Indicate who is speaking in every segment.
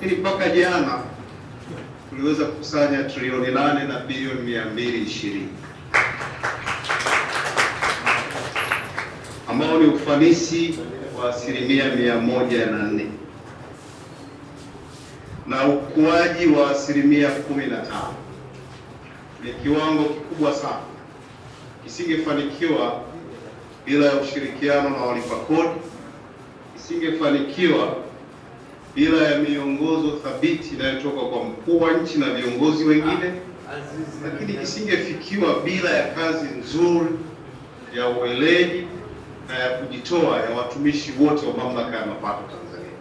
Speaker 1: lakini mpaka jana tuliweza kukusanya trilioni nane na bilioni mia mbili ishirini ambao ni ufanisi wa asilimia mia moja na nne na ukuaji wa asilimia kumi na tano ni kiwango kikubwa sana, kisingefanikiwa bila ya ushirikiano na walipa kodi, isingefanikiwa ila ya miongozo thabiti inayotoka kwa mkuu wa nchi na viongozi wengine, lakini isingefikiwa bila ya kazi nzuri ya uweledi na ya kujitoa ya watumishi wote wa mamlaka ya mapato Tanzania.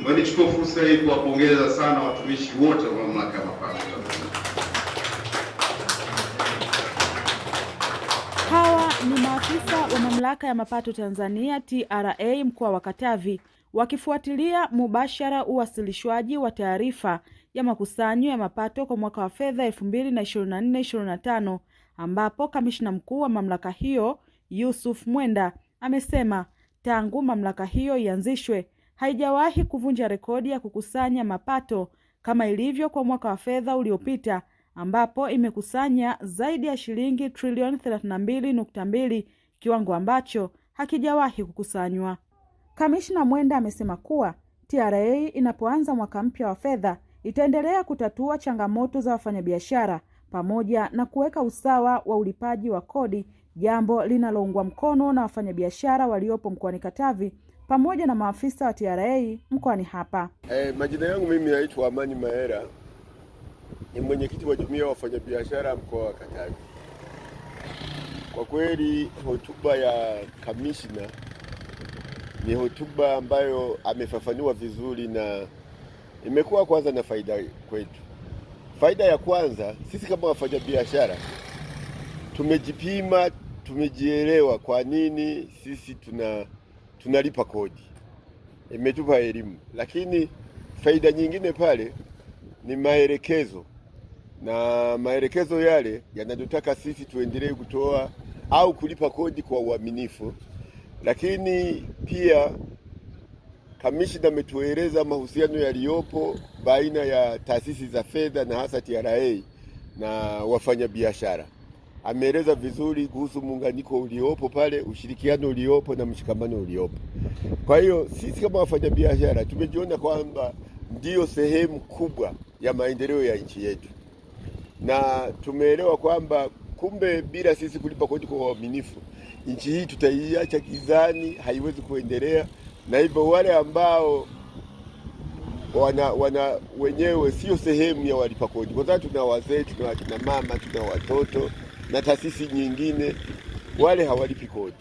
Speaker 1: Mbona nichukue fursa hii kuwapongeza sana watumishi wote wa mamlaka ya mapato Tanzania.
Speaker 2: Hawa ni maafisa wa mamlaka ya mapato Tanzania TRA mkoa wa Katavi wakifuatilia mubashara uwasilishwaji wa taarifa ya makusanyo ya mapato kwa mwaka wa fedha 2024/2025 ambapo kamishna mkuu wa mamlaka hiyo Yusuf Mwenda amesema tangu mamlaka hiyo ianzishwe haijawahi kuvunja rekodi ya kukusanya mapato kama ilivyo kwa mwaka wa fedha uliopita ambapo imekusanya zaidi ya shilingi trilioni 32.2, kiwango ambacho hakijawahi kukusanywa. Kamishna Mwenda amesema kuwa TRA inapoanza mwaka mpya wa fedha itaendelea kutatua changamoto za wafanyabiashara pamoja na kuweka usawa wa ulipaji wa kodi, jambo linaloungwa mkono na wafanyabiashara waliopo mkoani Katavi pamoja na maafisa wa TRA mkoani hapa.
Speaker 3: Eh, majina yangu mimi naitwa Amani mahera ni mwenyekiti wa jumuiya ya wafanyabiashara mkoa wa Katavi. Kwa kweli hotuba ya kamishna ni hotuba ambayo amefafanua vizuri na imekuwa kwanza na faida kwetu. Faida ya kwanza, sisi kama wafanyabiashara tumejipima, tumejielewa kwa nini sisi tuna tunalipa kodi, imetupa elimu. Lakini faida nyingine pale ni maelekezo, na maelekezo yale yanatutaka sisi tuendelee kutoa au kulipa kodi kwa uaminifu lakini pia kamishna ametueleza mahusiano yaliyopo baina ya taasisi za fedha na hasa TRA na wafanyabiashara. Ameeleza vizuri kuhusu muunganiko uliopo pale, ushirikiano uliopo na mshikamano uliopo. Kwa hiyo sisi kama wafanyabiashara tumejiona kwamba ndiyo sehemu kubwa ya maendeleo ya nchi yetu, na tumeelewa kwamba kumbe bila sisi kulipa kodi kwa uaminifu nchi hii tutaiacha kizani haiwezi kuendelea. Na hivyo wale ambao wana, wana wenyewe sio sehemu ya walipa kodi, kwa sababu tuna wazee, tuna wakina mama, tuna watoto na taasisi nyingine, wale hawalipi kodi.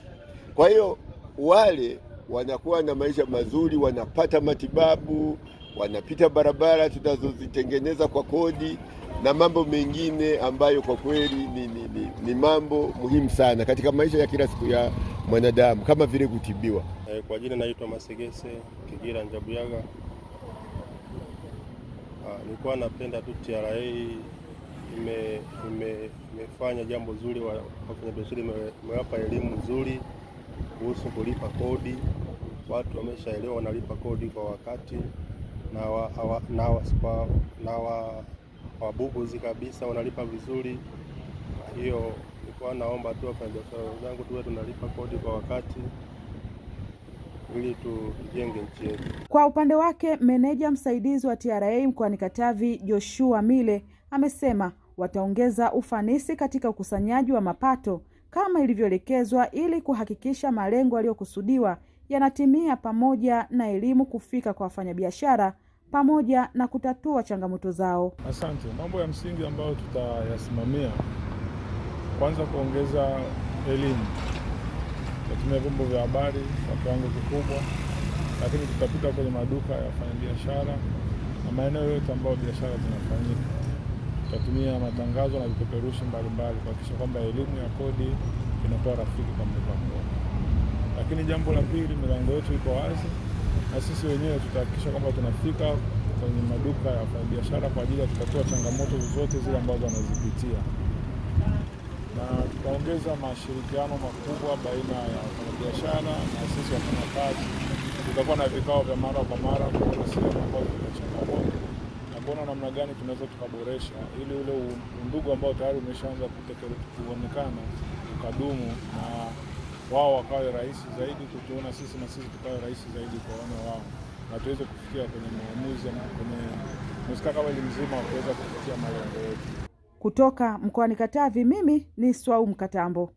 Speaker 3: Kwa hiyo wale wanakuwa na maisha mazuri, wanapata matibabu, wanapita barabara tunazozitengeneza kwa kodi, na mambo mengine ambayo kwa kweli ni, ni, ni, ni mambo muhimu sana katika maisha ya kila siku ya mwanadamu kama vile kutibiwa.
Speaker 4: Eh, kwa jina naitwa Masegese Kigira Njabuyaga. Ah, nilikuwa napenda tu TRA ime, ime, imefanya jambo zuri, wafanyabiashara imewapa elimu nzuri kuhusu kulipa kodi. Watu wameshaelewa wanalipa kodi kwa wakati na wa, na wa, na wa, na wa wabuguzi kabisa, wanalipa vizuri. Kwa hiyo nilikuwa naomba tu wafanyabiashara wenzangu tuwe tunalipa kodi kwa wakati ili tujenge nchi yetu.
Speaker 2: Kwa upande wake, meneja msaidizi wa TRA mkoani Katavi Joshua Mile amesema wataongeza ufanisi katika ukusanyaji wa mapato kama ilivyoelekezwa ili kuhakikisha malengo yaliyokusudiwa yanatimia pamoja na elimu kufika kwa wafanyabiashara pamoja na kutatua changamoto zao.
Speaker 5: Asante. Mambo ya msingi ambayo tutayasimamia, kwanza kuongeza elimu, tutatumia vyombo vya habari kwa kiwango kikubwa, lakini tutapita kwenye maduka ya wafanyabiashara na maeneo yote ambayo biashara zinafanyika tutatumia matangazo na vipeperushi mbalimbali kuhakikisha kwamba elimu ya kodi inakuwa rafiki kwa mlipa kodi. Lakini jambo la pili, milango yetu iko wazi na sisi wenyewe tutahakikisha kwamba tunafika kwenye maduka ya wafanyabiashara kwa ajili ya kutatua changamoto zozote zile ambazo wanazipitia, na tutaongeza mashirikiano makubwa baina ya wafanyabiashara na sisi wafanyakazi. Tutakuwa na vikao vya mara kwa mara kuona sehemu ambazo zina changamoto na kuona namna gani tunaweza tukaboresha, ili ule undugu ambao tayari umeshaanza kuonekana ukadumu na wao wakawe rahisi zaidi kutuona sisi na sisi tukawe rahisi zaidi kuwaona wao, na tuweze kufikia kwenye maamuzi kwenye mustakabali mzima wa kuweza kufikia malengo yetu.
Speaker 2: Kutoka mkoani Katavi, mimi ni Swau Mkatambo.